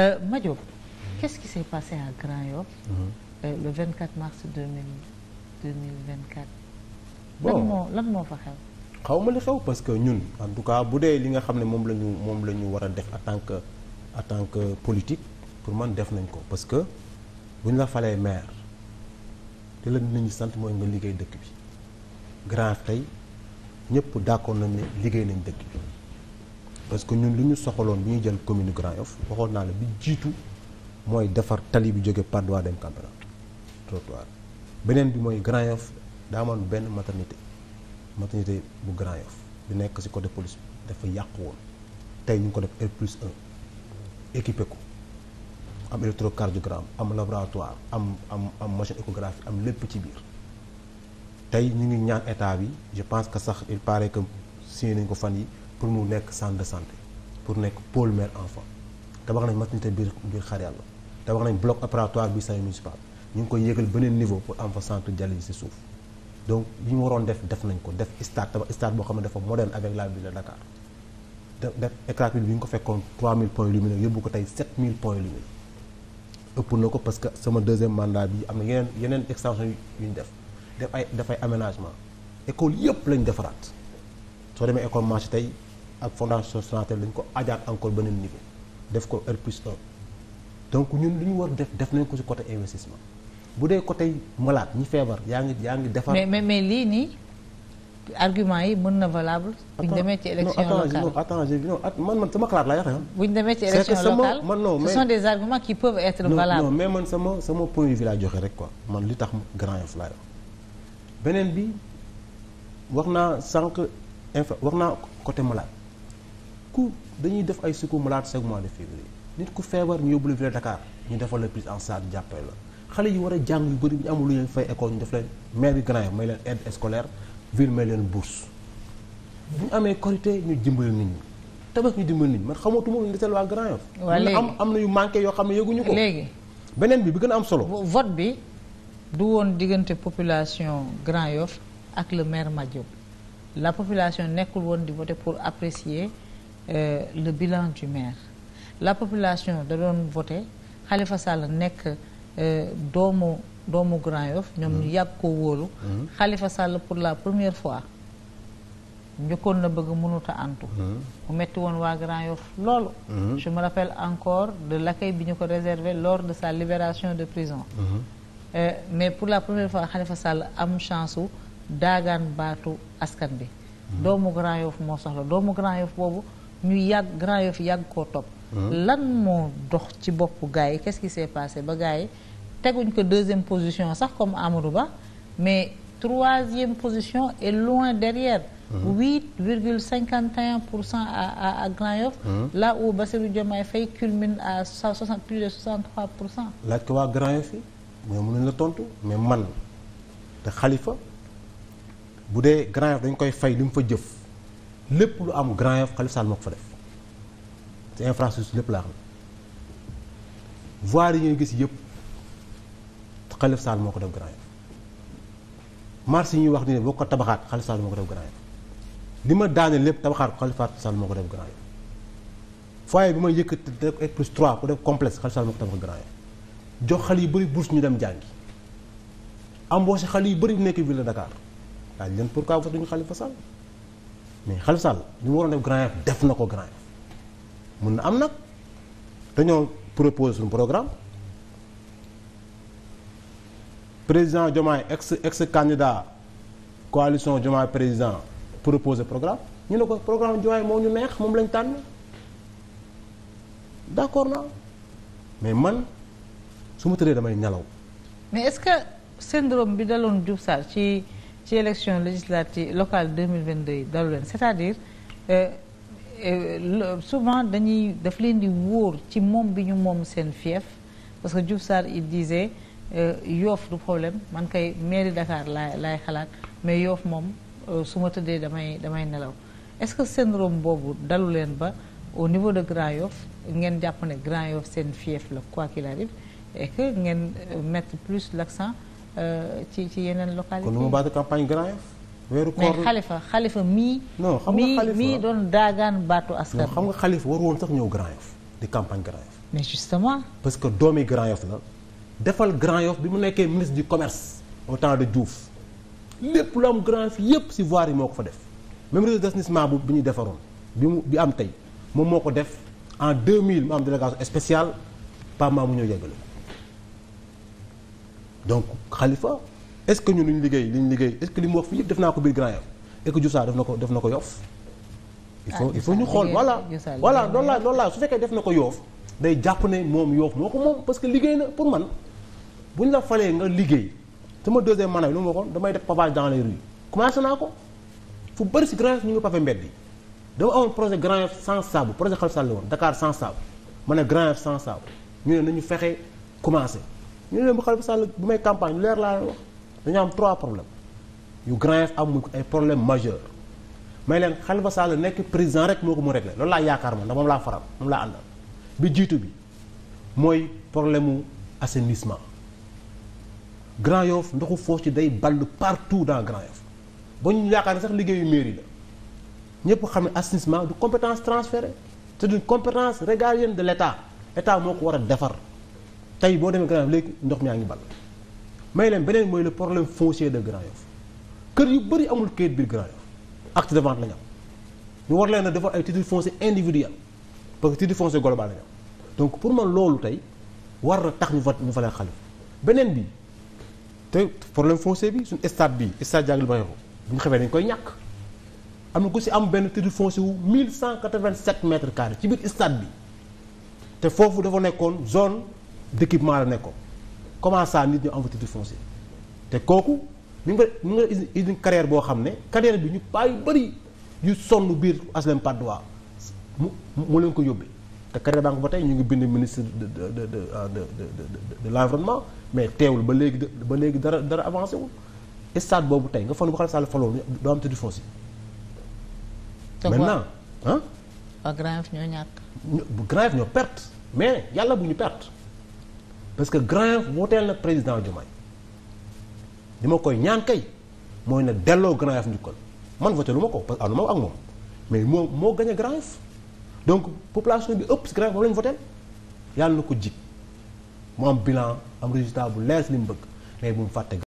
Euh, Madiop qu'est-ce qui s'est passé à Grand-Yoff mhm. euh, le 24 mars 2000 2024 bon lan moo lan fa xew xaw ma li xew parce que ñun en tout cas bu dee li nga xam ne moom la ñu moom la ñu war a def en tant que en tant que politique pour man def nañ ko parce que bu la falee maire te la nit ñi sant mooy nga liggéey dëkk bi grand tey ñëpp d'accord nañ ne liggéey nañ dëkk bi parce que ñun lu ñu soxaloon bi ñuy jël commune Grand Yoff waxoon naa la bi jiitu mooy defar tali bi jóge Patte d'Oie dem Camberène trottoir beneen bi mooy Grand Yoff daa benn maternité maternité bu Grand Yoff bi nekk ci côté police bi dafa yàqu woon tey ñu ngi ko def R plus 1 équipé ko am électrocardiogramme am laboratoire am am am machine échographie am lépp ci biir tey ñu ngi ñaan état bi je pense que sax il paraît que signé nañu ko fan yi pour mu nekk centre de santé pour nekk pôle mère enfant tabax nañ maternité biir biir xar yàlla tabax nañ bloc opératoire bi sañu municipal ñu ngi koy yéegal beneen niveau pour am fa centre dialyse si suuf donc li ñu waroon def def nañ ko def stade tabax stade boo xam ne dafa moderne avec la ville de Dakar def éclat bi ñu ko fekkoon 3000 points lumineux yóbbu ko tey 7000 points lumineux ëpp na ko parce que sama deuxième mandat bi am na yeneen yeneen extension yu ñu def def ay dafay aménagement école yëpp lañ defaraat ak fondation Sonatel dañ ko ajaat encore beneen niveau def ko R plus 1 donc ñun lu ñu war def def nañ ko ci côté investissement bu dee côté malade ñi feebar yaa ngi yaa ngi defar. mais mais mais lii nii argument yi mën na valable. bu ñu demee ci élection locale non attends non attends man man sama xalaat laa yaakaar. bu ñu demee man non mais ce sont des arguments qui man sama sama point de vue rek quoi man li tax grand yof laa yor beneen bi wax naa sànq info wax naa côté malade. ku dañuy def ay secours malade chaque mois de février nit ku feebar ñu yóbbu la ville Dakar ñu defal la prise en charge jàppale la xale yi war a jàng yu bëri ñu amul lu ñu fay école ñu def leen maire bi grand may leen aide scolaire ville may leen bourse bu ñu amee korité ñu dimbali nit ñi tabax ñu dimbali nit ñi man xamatuma lu desel waa grand yof am am na yu manqué yoo xam ne yëguñu ko léegi beneen bi bi gën a am solo vote bi du woon diggante population grand yof ak le maire la population nekkul woon di voter pour apprécier Euh, le bilan du la population da doon voté Khalifa Sall nekk euh, doomu doomu Grand Yoff ñoom ñu hmm. yàgg ko wóolu hmm. Khalifa Sall pour la première fois njëkkoon na bëgg mënuta antu hmm. mu metti woon waa Grand Yoff loolu je me rappelle encore de l'accueil bi ñu ko réservé lors de sa libération de prison mm mais pour la première fois Khalifa Sall am chance u daagaan baatu askan bi doomu Grand Yoff moo soxla doomu Grand Yoff boobu ñu yàgg Grand Yoff yàgg koo topp. lan moo dox ci boppu gars yi qu'est-ce qui s'est passé ba gars yi teguñ ko deuxième position sax comme Amadou Ba mais troisième position est loin derrière. 8,51 pour cent à à à Grand Yoff. là où Bassirou Diomaye Faye culmine à soixante plus de 63 pour cent. laaj ko waa Grand Yoff yi mooy mënuñ la tontu mais man te Khalifa bu dee Grand Yoff dañ koy fay li mu fa jëf. lépp lu am Grand Yoff Khalifa Sall fa def lépp laa yi ngay gis yëpp Khalifa Sall moo ko def Grand Yoff marché yi ñuy wax nii boo ko tabaxaat Khalifa Sall moo ko def Grand Yoff li ma daane lépp tabaxaat ko Khalifa Sall moo ko def Grand Yoff foyer bi ma yëkkati def ko plus 3 ku def complexe Khalifa Sall moo ko tabax Grand Yoff jox xale yu bëri bourse ñu dem jàngi embauché xale yu bëri nekk ville de Dakar daal leen pourquoi voté ñu Khalifa Sall mais Khalifa Sall li mu waroon def Grand Yoff def na ko Grand Yoff mun na am nag dañoo proposé suñu programme président Diomaye ex ex candidat coalition Diomaye président proposé programme ñu ne ko programme Diomaye moo ñu neex moom lañ tànn d'accord naa mais man su ma tëree damay nelaw. mais est syndrome bi daloon Diouf ci. ci élection législative locale 2022 yi dalu leen c'est-à-dire euh, euh, souvent dañuy daf leen di wóor ci moom bi ñu moom seen fief parce que Diouf Sarr il disait euh, yoof du problème man kay mairie Dakar laay laay xalaat mais Yoff moom su ma tëddee damay damay nelaw est-ce que syndrome boobu dalu leen ba au niveau de Grand Yoff ngeen jàpp ne Grand Yoff seen fief la quoi qu'il arrive et ngeen mettre plus l'accent Euh, ci ci yeneen localité kon nu mu baate campagne Grand Yoff weeru koor mais xalifa xalifa mii. non xam nga xalifa mii doon baatu askan xam nga xalifa war woon sax ñëw Grand Yoff di campagne Grand Yoff. mais justement. parce que doomi Grand Yoff la defal Grand Yoff bi mu nekkee ministre du commerce au temps de Diouf lépp lu am Grand Yoff yépp si voirie yi moo ko fa def même réseau d'assainissement bu bi ñu defaroon bi mu bi am tey moom moo ko def en 2000 mu am délégation spéciale Pama mu ñëw yeggale donc Khalifa est-ce que ñun ñu liggéey li ñu liggéey est-ce que li mu wax fii yëpp def naa ko biir Grand Yoff est-ce que Diouf def na ko def na ko Yoff il faut ah, il faut ñu xool voilà voilà loolu laa loolu su fekkee def na ko Yoff day jàpp ne moom Yoff moo ko moom parce que liggéey na pour man bu ñu la falee nga liggéey sama deuxième mandat na lu ma waxoon damay def pavage dans commencé naa ko fu bëri si Grand Yoff ñu ngi pafe mbedd yi dama amoon projet Grand Yoff sans sable projet Khalifa Sall la woon Dakar sans sable ma ne Grand Yoff sans ñu ne nañu fexe commencé ñu ne leen bu Khalifa bu may campagne leer laa leen wax dañu am trois problèmes yu grave am ay problème majeur may leen Khalifa Sall nekk président rek moo ko mu réglé loolu laa yaakaar man ndax moom laa faral moom laa àndal bi jiitu bi mooy problème mu assainissement Grand Yoff ndoxu foos ci day ball partout dans Grand Yoff ba ñu yaakaar ne sax liggéeyu mairie la ñëpp xam ne assainissement du compétence transférée c'est une compétence régalienne de l'État État moo ko war a defar tey boo demee Grand Yoff léegi ndox mi yaa ngi bal may leen beneen mooy le problème de Grand kër yu bëri amul kayit biir Grand Yoff acte de vente la war leen a ay titre foncier individuel parce que titre foncier donc pour man loolu tey war tax ñu fa ñu fa leen beneen bi te problème foncier bi suñu stade bi stade jàngil ba ko xamee dañ koy ñàkk am na si am benn titre foncier wu 1187 mètres carrés ci biir stade bi te foofu dafa nekkoon zone d'équipement la nekkoon comment ça nit ñu am fa titre foncier te kooku ñu nga ñu nga une carrière boo xam ne carrière bi ñu paa yu bëri yu sonn biir aslem padduwa mu mu leen ko yóbbee te carrière banque ba tey ñu ngi bind ministre ah, de de de de de l'environnement mais teewul ba léegi ba léegi dara dara avancé wul stade boobu tey nga fan bu Khalifa Sall faloo doo am titre foncier maintenant ah. waa Grand Yoff ñoo ñàkk. Grand Yoff ñoo perte mais yàlla bu ñu perte. parce que grand wooteel na président Diomaye li ma koy ñaan kay mooy na delloo grand yaf njukkal man voté lu ma ko parce que ànduma ak moom mais moo moo gañ a grand yaf donc population bi ëpp si grand yaf moom yàlla ko jig mu am bilan am résultat bu leer si li mu bëgg mais bu mu fàtte